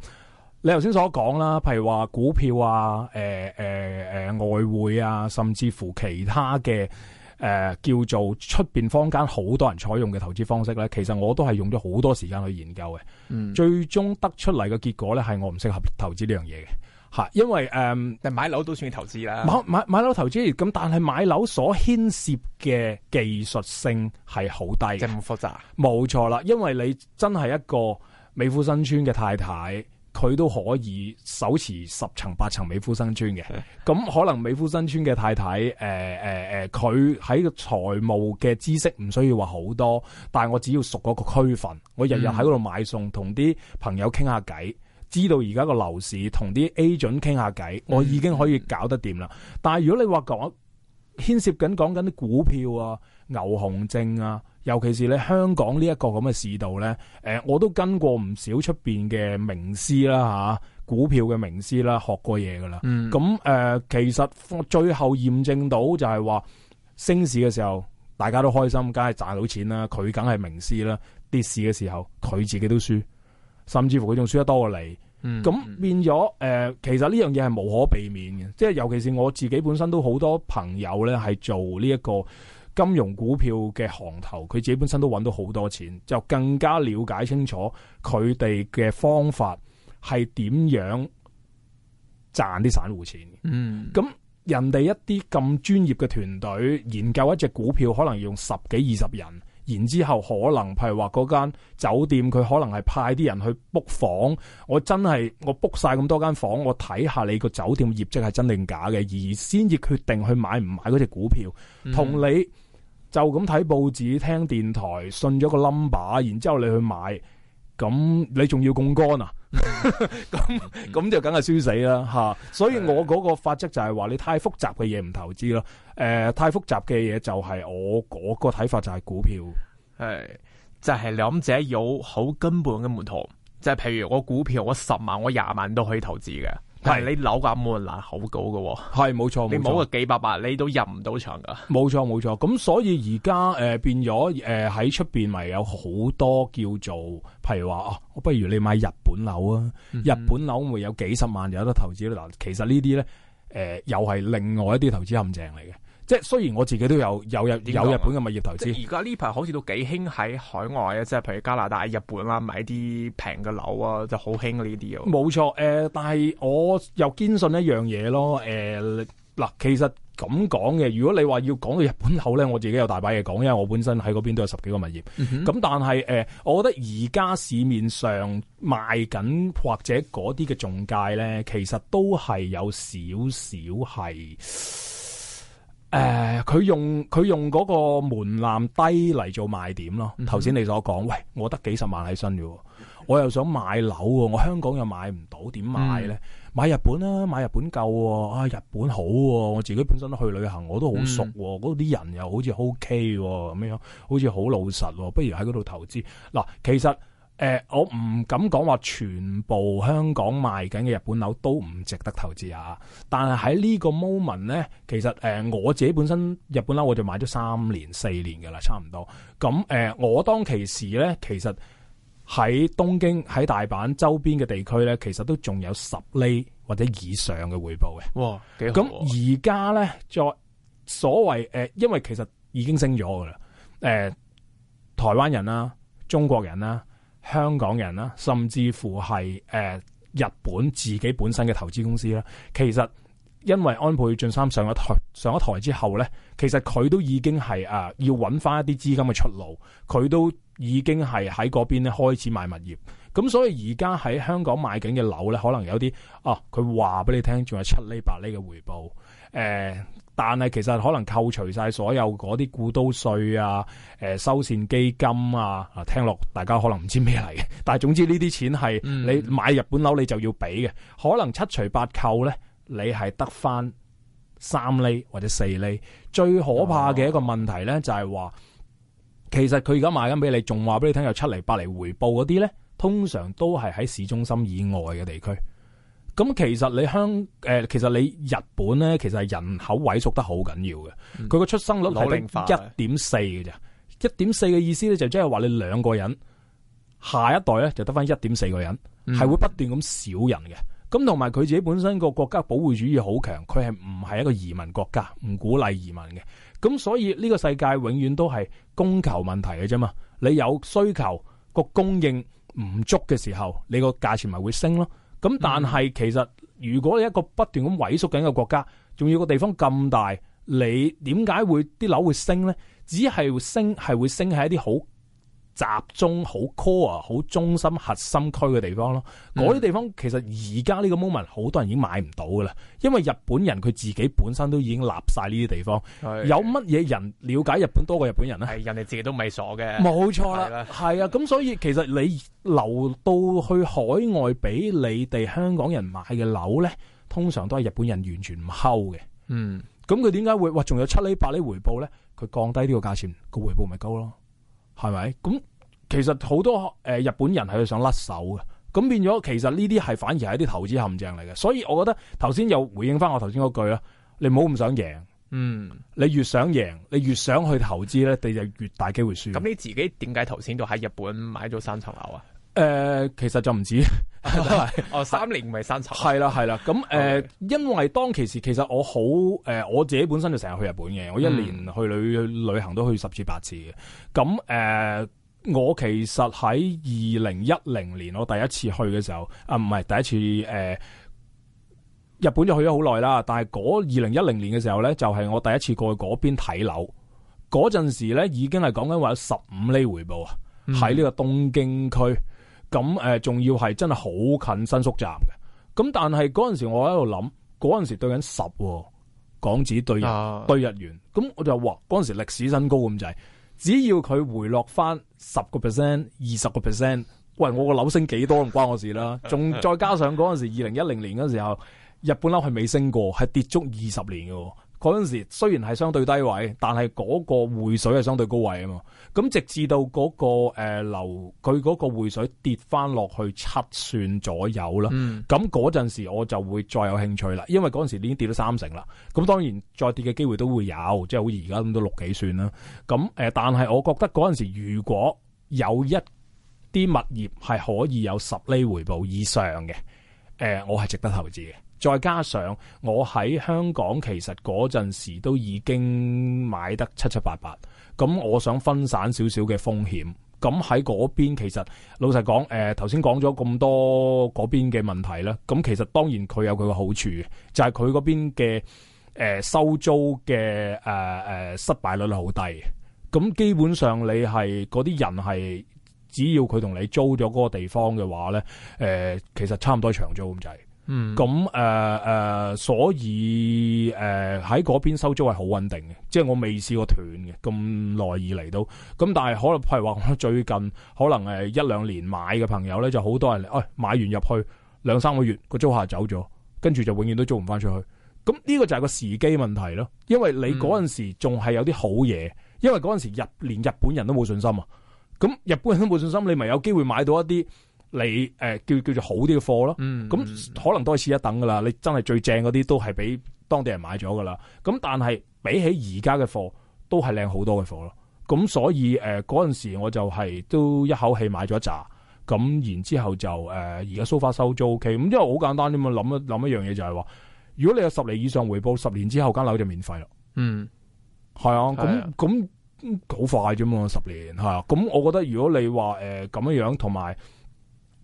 你頭先所講啦，譬如話股票啊，誒誒誒外匯啊，甚至乎其他嘅誒、呃、叫做出邊坊間好多人採用嘅投資方式咧，其實我都係用咗好多時間去研究嘅，嗯、最終得出嚟嘅結果咧係我唔適合投資呢樣嘢嘅。係，因為誒、嗯，買樓都算投資啦。買買買樓投資咁，但係買樓所牽涉嘅技術性係好低，就咁複雜。冇錯啦，因為你真係一個美孚新村嘅太太，佢都可以手持十層八層美孚新村嘅。咁的可能美孚新村嘅太太，誒誒誒，佢喺個財務嘅知識唔需要話好多，但係我只要熟嗰個區份，我日日喺嗰度買餸，同啲朋友傾下偈。嗯知道而家個樓市同啲 A 準傾下偈，我已經可以搞得掂啦。但係如果你話講牽涉緊講緊啲股票啊、牛熊證啊，尤其是你香港呢一個咁嘅市道呢，誒、呃、我都跟過唔少出邊嘅名師啦嚇，股票嘅名師啦，學過嘢噶啦。咁誒、嗯呃、其實最後驗證到就係話升市嘅時候大家都開心，梗係賺到錢啦。佢梗係名師啦，跌市嘅時候佢自己都輸。甚至乎佢仲輸得多過你，咁、嗯嗯、變咗、呃、其實呢樣嘢係無可避免嘅。即係尤其是我自己本身都好多朋友呢係做呢一個金融股票嘅行頭，佢自己本身都揾到好多錢，就更加了解清楚佢哋嘅方法係點樣賺啲散戶錢。嗯，咁人哋一啲咁專業嘅團隊研究一隻股票，可能用十幾二十人。然之後可能譬如話嗰間酒店佢可能係派啲人去 book 房，我真係我 book 晒咁多間房，我睇下你個酒店業績係真定假嘅，而先至決定去買唔買嗰隻股票。同、嗯、你就咁睇報紙、聽電台、信咗個 number，然之後你去買，咁你仲要槓桿啊？咁咁 就梗係輸死啦吓，所以我嗰個法則就係話你太複雜嘅嘢唔投資咯，誒，太複雜嘅嘢就係我嗰個睇法就係股票，係就係兩者有好根本嘅門徒，就係譬如我股票我十萬我廿萬都可以投資嘅。係你樓價門檻好高喎，係冇錯。你冇個幾百萬你都入唔到場噶。冇錯冇錯，咁所以而家誒，變咗誒喺出邊咪有好多叫做，譬如話哦、啊，不如你買日本樓啊，日本樓咪有幾十萬有得投資咯。嗱，其實呢啲咧，誒又係另外一啲投資陷阱嚟嘅。即雖然我自己都有有日有日本嘅物業投資，而家呢排好似都幾興喺海外啊！即係譬如加拿大、日本啦，買啲平嘅樓啊，就好興呢啲啊。冇錯，呃、但係我又堅信一樣嘢咯，嗱、呃，其實咁講嘅，如果你話要講到日本樓咧，我自己有大把嘢講，因為我本身喺嗰邊都有十幾個物業，咁、嗯、哼但係、呃、我覺得而家市面上賣緊或者嗰啲嘅中介咧，其實都係有少少係。誒佢、呃、用佢用嗰個門檻低嚟做賣點咯。頭先、嗯、哼你所講，喂，我得幾十萬喺身嘅喎，我又想買樓喎，我香港又買唔到，點買咧？嗯、買日本啦、啊，買日本夠喎、啊，啊日本好喎、啊，我自己本身都去旅行，我都好熟喎、啊，嗰度啲人又好似 OK 喎、啊，咁樣好似好老實喎、啊，不如喺嗰度投資嗱、啊，其實。誒、呃，我唔敢講話全部香港賣緊嘅日本樓都唔值得投資嚇。但係喺呢個 moment 呢，其實誒、呃、我自己本身日本樓我就買咗三年四年㗎喇，差唔多。咁誒、呃，我當其時呢，其實喺東京喺大阪周邊嘅地區呢，其實都仲有十厘或者以上嘅回報嘅。哇，幾好！咁而家呢，再所謂誒、呃，因為其實已經升咗㗎喇。誒、呃，台灣人啦、啊，中國人啦、啊。香港人啦，甚至乎係誒日本自己本身嘅投資公司啦。其實因為安倍晉三上咗台上咗台之後呢，其實佢都已經係誒要揾翻一啲資金嘅出路，佢都已經係喺嗰邊咧開始買物業。咁所以而家喺香港買緊嘅樓呢，可能有啲哦，佢話俾你聽，仲有七厘八厘嘅回報誒。啊。但係其實可能扣除晒所有嗰啲固都稅啊、誒修繕基金啊，聽落大家可能唔知咩嚟。但係總之呢啲錢係你買日本樓你就要俾嘅。嗯嗯，可能七除八扣咧，你係得翻三厘或者四厘。最可怕嘅一個問題咧，就係話其實佢而家賣緊俾你，仲話俾你聽有七厘八厘回報嗰啲咧，通常都係喺市中心以外嘅地區。咁其實你香港，其實你日本咧，其實係人口萎縮得好緊要嘅。佢個、嗯、出生率落咧一點四嘅啫，一點四嘅意思咧就即係話你兩個人下一代咧就得返一點四個人，係、嗯、會不斷咁少人嘅。咁同埋佢自己本身個國家保護主義好強，佢係唔係一個移民國家，唔鼓勵移民嘅。咁所以呢個世界永遠都係供求問題嘅啫嘛。你有需求個供應唔足嘅時候，你個價錢咪會升咯。咁、嗯、但係其實如果你一個不斷咁萎縮緊嘅國家，仲要個地方咁大，你點解會啲樓會升咧？只係會升，係會升係一啲好。集中好 core 好中心核心區嘅地方咯，嗰啲、嗯、地方其實而家呢個 moment 好多人已經買唔到噶啦，因為日本人佢自己本身都已經立晒呢啲地方。是 有乜嘢人了解日本多過日本人咧？人哋自己都唔係傻嘅。冇錯啦，係對啦 啊，咁所以其實你留到去海外俾你哋香港人買嘅樓咧，通常都係日本人完全唔睺嘅。嗯，咁佢點解會話仲有七厘八厘回報咧？佢降低呢個價錢，個回報咪高咯。係咪？咁其實好多誒日本人係去想甩手嘅，咁變咗其實呢啲係反而係一啲投資陷阱嚟嘅。所以我覺得頭先又回應翻我頭先嗰句啦，你唔好咁想贏，嗯，你越想贏，你越想去投資咧，你就越大機會輸。咁、嗯、你自己點解頭先都喺日本買咗三層樓啊？誒、呃，其實就唔止 哦， 三年唔係三係啦，係啦的。咁誒， 呃、Okay. 因為當其時其實我好誒、呃，我自己本身就成日去日本嘅，我一年去旅旅行都去十次八次嘅。咁誒、呃，我其實喺二零一零年我第一次去嘅時候啊，唔、呃、係第一次誒、呃，日本就去咗好耐啦。但係嗰二零一零年嘅時候咧，就係、是、我第一次過去嗰邊睇樓嗰陣時咧，已經係講緊話有十五厘回報啊，喺呢、嗯、個東京區。咁誒，仲、呃、要係真係好近新宿站嘅。咁但係嗰陣時我，我喺度諗，嗰陣時對緊十、哦，港紙對日、啊、對日元。咁我就話，嗰陣時歷史新高咁滯，只要佢回落返十個 percent、二十個 percent，喂，我個樓升幾多唔 關我事啦。仲再加上嗰陣時二零一零年嗰時候，日本樓係未升過，係跌足二十年嘅、哦。嗰陣時雖然係相對低位，但係嗰個匯水係相對高位啊嘛。咁直至到、呃、嗰個流，佢、呃、嗰個匯水跌翻落去七算左右啦。咁嗰陣時我就會再有興趣啦，因為嗰陣時已經跌咗三成啦。咁當然再跌嘅機會都會有，即係好似而家咁都六幾算啦。咁但係我覺得嗰陣時如果有一啲物業係可以有十厘回報以上嘅、呃，我係值得投資嘅。再加上我喺香港，其實嗰陣時都已經買得七七八八，咁我想分散少少嘅風險，咁喺嗰邊其實老實講，誒頭先講咗咁多嗰邊嘅問題啦，咁其實當然佢有佢嘅好處，就係佢嗰邊嘅誒收租嘅誒誒失敗率好低。咁基本上你係嗰啲人係只要佢同你租咗嗰個地方嘅話咧，誒、呃、其實差唔多長租咁滯。咁誒誒，所以誒喺嗰邊收租係好穩定嘅，即係我未試過斷嘅咁耐以嚟到。咁但係可能譬如話最近可能誒一兩年買嘅朋友咧，就好多人誒、哎、買完入去兩三個月個租客走咗，跟住就永遠都租唔翻出去。咁呢個就係個時機問題咯，因為你嗰陣時仲係有啲好嘢，嗯、因為嗰陣時日連日本人都冇信心啊，咁日本人都冇信心，你咪有機會買到一啲。你誒、呃、叫叫做好啲嘅貨咯，咁、嗯、可能都係次一等噶啦。嗯、你真係最正嗰啲都係俾當地人買咗噶啦。咁但係比起而家嘅貨，都係靚好多嘅貨咯。咁所以誒嗰陣時我就係都一口氣買咗一扎，咁然之後就誒而家 so far 收租 OK。咁因為好簡單啫嘛，諗一諗一樣嘢就係、是、話，如果你有十厘以上回報，十年之後間樓就免費啦。嗯，係啊，咁咁好快啫嘛，十年係啊。咁、啊啊啊、我覺得如果你話咁、呃、樣同埋。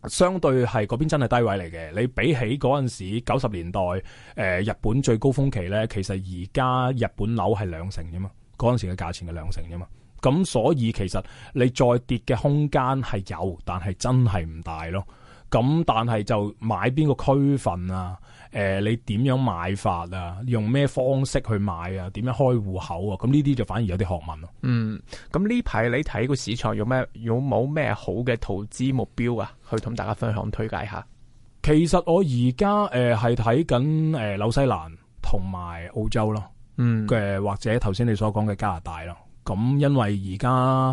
相對係嗰邊真係低位嚟嘅，你比起嗰陣時九十年代誒、呃、日本最高峰期呢，其實而家日本樓係兩成啫嘛，嗰陣時嘅價錢係兩成啫嘛，咁所以其實你再跌嘅空間係有，但係真係唔大咯。咁但係就買邊個區份啊？誒，你點樣買法啊？用咩方式去買啊？點樣開戶口啊？咁呢啲就反而有啲學問咯。嗯，咁呢排你睇個市場有咩，有冇咩好嘅投資目標啊？去同大家分享推介下。其實我而家誒係睇緊誒紐西蘭同埋澳洲咯。嗯。嘅或者頭先你所講嘅加拿大囉。咁因為而家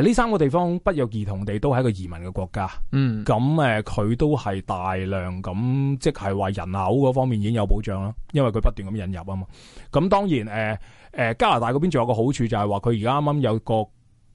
呢三個地方不約而同地都係一個移民嘅國家，嗯，咁佢、呃、都係大量咁即係話人口嗰方面已經有保障啦，因為佢不斷咁引入啊嘛。咁、嗯、當然、呃、加拿大嗰邊仲有個好處就係話佢而家啱啱有個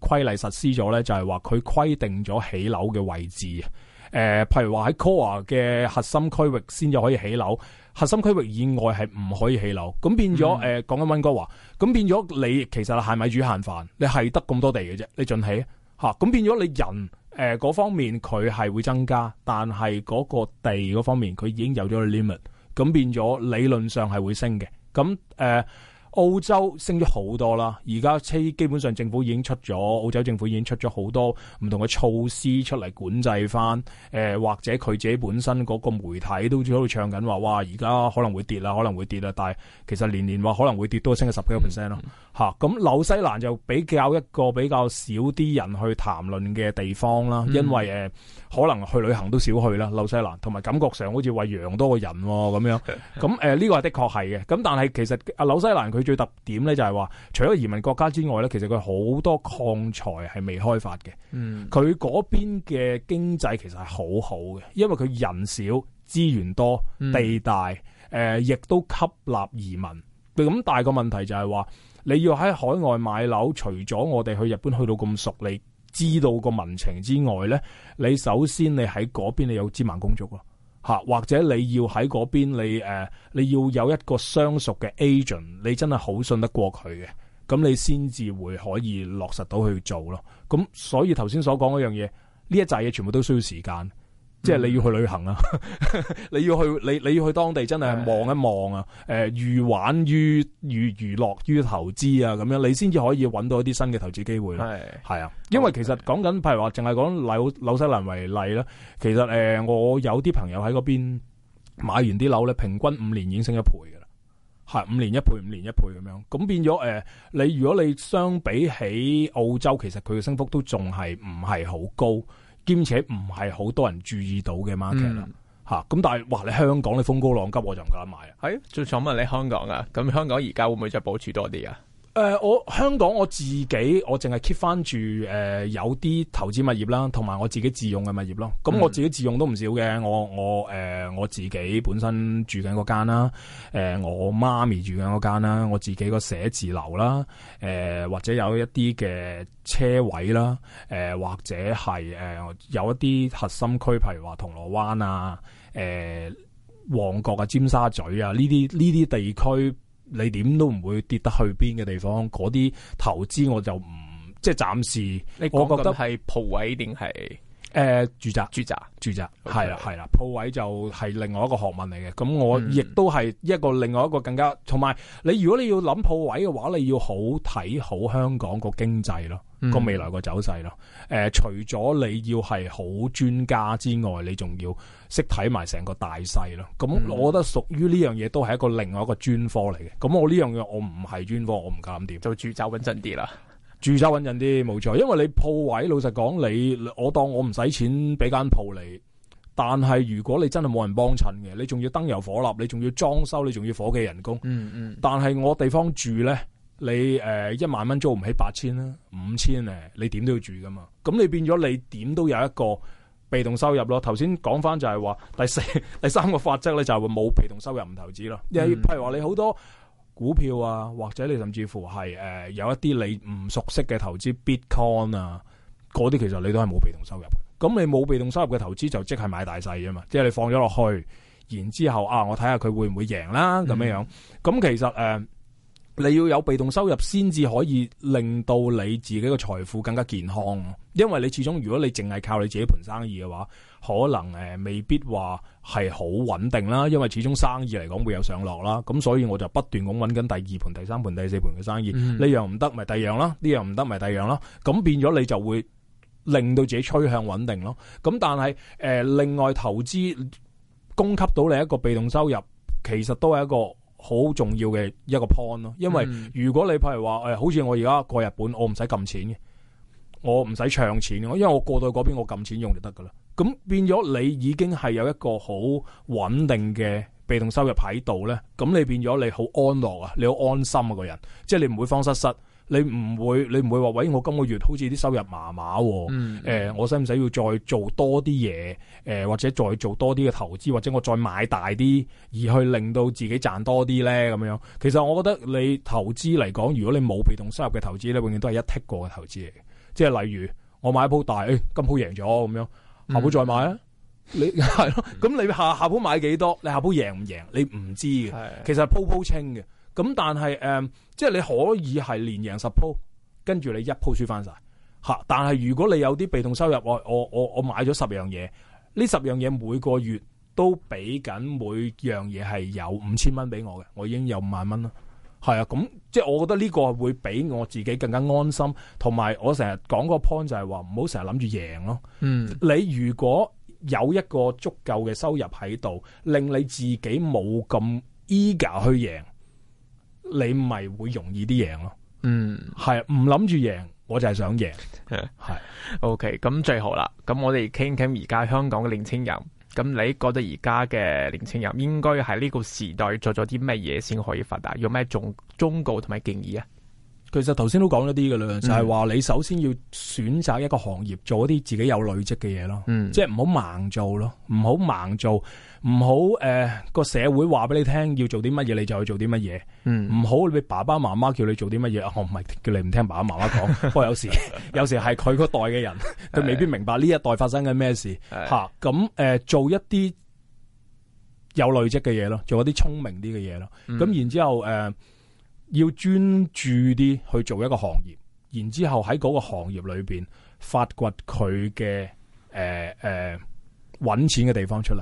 規例實施咗咧，就係話佢規定咗起樓嘅位置，誒、呃、譬如話喺 Core 嘅核心區域先至可以起樓。核心區域以外係唔可以起樓，咁變咗誒講緊溫哥華，咁變咗你其實係咪煮限飯？你係得咁多地嘅啫，你盡起嚇，咁、啊、變咗你人誒嗰、呃、方面佢係會增加，但係嗰個地嗰方面佢已經有咗 limit，咁變咗理論上係會升嘅，咁誒。呃澳洲升咗好多啦，而家基本上政府已經出咗，澳洲政府已經出咗好多唔同嘅措施出嚟管制翻。誒、呃，或者佢自己本身嗰個媒體都好似喺度唱緊話，哇，而家可能會跌啦，可能會跌啦，但係其實年年話可能會跌都會升咗十幾個 percent 咯。吓，咁紐、嗯嗯啊、西蘭就比較一個比較少啲人去談論嘅地方啦，因為誒。嗯可能去旅行都少去啦，紐西蘭同埋感覺上好似喂羊多過人喎咁樣。咁誒呢個的確係嘅。咁但係其實阿紐西蘭佢最特點咧就係話，除咗移民國家之外咧，其實佢好多礦材係未開發嘅。嗯，佢嗰邊嘅經濟其實係好好嘅，因為佢人少資源多地大、呃，亦都吸納移民。咁大個個問題就係話，你要喺海外買樓，除咗我哋去日本去到咁熟，你？知道個民情之外呢，你首先你喺嗰邊你有資望工作咯，嚇或者你要喺嗰邊你誒你要有一個相熟嘅 agent，你真係好信得過佢嘅，咁你先至會可以落實到去做咯。咁所以頭先所講嗰樣嘢，呢一紮嘢全部都需要時間。即係你要去旅行啊。嗯、 你要去你你要去當地真係望一望的、呃、啊！誒，寓玩於寓娛樂於投資啊，咁樣你先至可以揾到一啲新嘅投資機會啦。係啊的，的因為其實講緊譬如話淨係講紐紐西蘭為例啦，其實、呃、我有啲朋友喺嗰邊買完啲樓咧，平均五年已經升一倍㗎啦，係五年一倍，五年一倍咁樣。咁變咗、呃、你如果你相比起澳洲，其實佢嘅升幅都仲係唔係好高。兼且唔係好多人注意到嘅 market 啦，咁但係，哇！你香港你風高浪急，我就唔敢買啊！最想問你香港啊？咁香港而家會唔會再保持多啲啊？呃、我香港我自己，我淨係 keep 翻住誒，有啲投資物業啦，同埋我自己自用嘅物業咯。咁我自己自用都唔少嘅，我我誒、呃、我自己本身住緊嗰間啦，誒、呃，我媽咪住緊嗰間啦，我自己個寫字樓啦，誒、呃，或者有一啲嘅車位啦，誒、呃，或者係誒、呃、有一啲核心區，譬如話銅鑼灣啊，誒、呃，旺角啊，尖沙咀啊，呢啲呢啲地區。你點都唔會跌得去邊嘅地方，嗰啲投資我就唔即係暫時。你覺得係鋪位定係？誒、呃，住宅、住宅、住宅，係啦 Okay.，係啦，鋪位就係另外一個學問嚟嘅。咁我亦都係一個另外一個更加，同埋、嗯、你如果你要諗鋪位嘅話，你要好睇好香港個經濟咯，個、嗯、未來個走勢咯。誒、呃，除咗你要係好專家之外，你仲要識睇埋成個大細咯。咁我覺得屬於呢樣嘢都係一個另外一個專科嚟嘅。咁我呢樣嘢我唔係專科，我唔敢掂。就住宅穩陣啲啦。住宅穩陣啲，冇錯。因為你鋪位，老實講，你我當我唔使錢俾間鋪你，但係如果你真係冇人幫襯嘅，你仲要燈油火蠟，你仲要裝修，你仲要伙計人工。嗯嗯。嗯，但係我地方住咧，你誒、呃、一萬蚊租唔起八千啦，五千，你點都要住噶嘛？咁你變咗你點都有一個被動收入咯。頭先講翻就係話第四、第三個法則咧，就係會冇被動收入唔投資咯。又、嗯、譬如話你好多。股票啊，或者你甚至乎係、呃、有一啲你唔熟悉嘅投資 Bitcoin 啊，嗰啲其實你都係冇被動收入嘅。咁你冇被動收入嘅投資就即係買大細啊嘛，即係你放咗落去，然之後啊，我睇下佢會唔會贏啦咁樣樣。咁、嗯、其實、呃你要有被動收入，先至可以令到你自己嘅財富更加健康。因為你始終，如果你淨係靠你自己盤生意嘅話，可能誒未必話係好穩定啦。因為始終生意嚟講會有上落啦。咁所以我就不斷咁搵緊第二盤、第三盤、第四盤嘅生意、嗯。呢樣唔得，咪第樣啦；呢樣唔得，咪第樣啦。咁變咗你就會令到自己趨向穩定咯。咁但係誒，另外投資供給到你一個被動收入，其實都係一個。好重要嘅一個 point 咯，因為如果你譬如話，誒、欸，好似我而家過日本，我唔使撳錢嘅，我唔使唱錢嘅，因為我過到去嗰邊我撳錢用就得噶啦。咁變咗你已經係有一個好穩定嘅被動收入喺度咧，咁你變咗你好安樂啊，你好安心啊個人，即係你唔會慌失失。你唔會，你唔會話喂，我今個月好似啲收入麻麻喎，呃、我使唔使要再做多啲嘢，呃？或者再做多啲嘅投資，或者我再買大啲，而去令到自己賺多啲咧咁樣？其實我覺得你投資嚟講，如果你冇被動收入嘅投資咧，你永遠都係一剔過嘅投資嚟嘅。即係例如我買一鋪大，欸、今鋪贏咗咁樣，下鋪再買啊？嗯、你係咯，咁 你下下鋪買幾多？你下鋪贏唔贏？你唔知嘅，是的其實係鋪鋪清嘅。咁但係誒、嗯，即係你可以係連贏十鋪，跟住你一鋪輸翻晒吓。但係如果你有啲被動收入，我我我我買咗十樣嘢，呢十樣嘢每個月都俾緊每樣嘢係有五千蚊俾我嘅，我已經有五萬蚊啦。係啊，咁即係我覺得呢個會俾我自己更加安心。同埋我成日講個 point 就係話唔好成日諗住贏咯。嗯，你如果有一個足夠嘅收入喺度，令你自己冇咁 eager 去贏。你咪會容易啲贏咯，嗯，係唔諗住贏，我就係想贏，係 是，OK，咁最好啦。咁我哋傾一傾而家香港嘅年青人，咁你覺得而家嘅年青人應該喺呢個時代做咗啲咩嘢，先可以發達？有咩忠忠告同埋建議啊？其實頭先都講咗啲嘅啦，就係、是、話你首先要選擇一個行業，做一啲自己有累積嘅嘢咯，嗯，即係唔好盲做咯，唔好盲做。唔好誒，個、呃、社會話俾你聽要做啲乜嘢，你就去做啲乜嘢。唔、嗯、好你爸爸媽媽叫你做啲乜嘢，我唔係叫你唔聽爸爸媽媽講。 不過有時， 有時係佢嗰代嘅人，佢 未必明白呢一代發生緊咩事。吓咁誒，做一啲有累積嘅嘢咯，做一啲聰明啲嘅嘢咯。咁、嗯、然之後誒、呃，要專注啲去做一個行業，然之後喺嗰個行業裏邊發掘佢嘅誒誒揾錢嘅地方出嚟。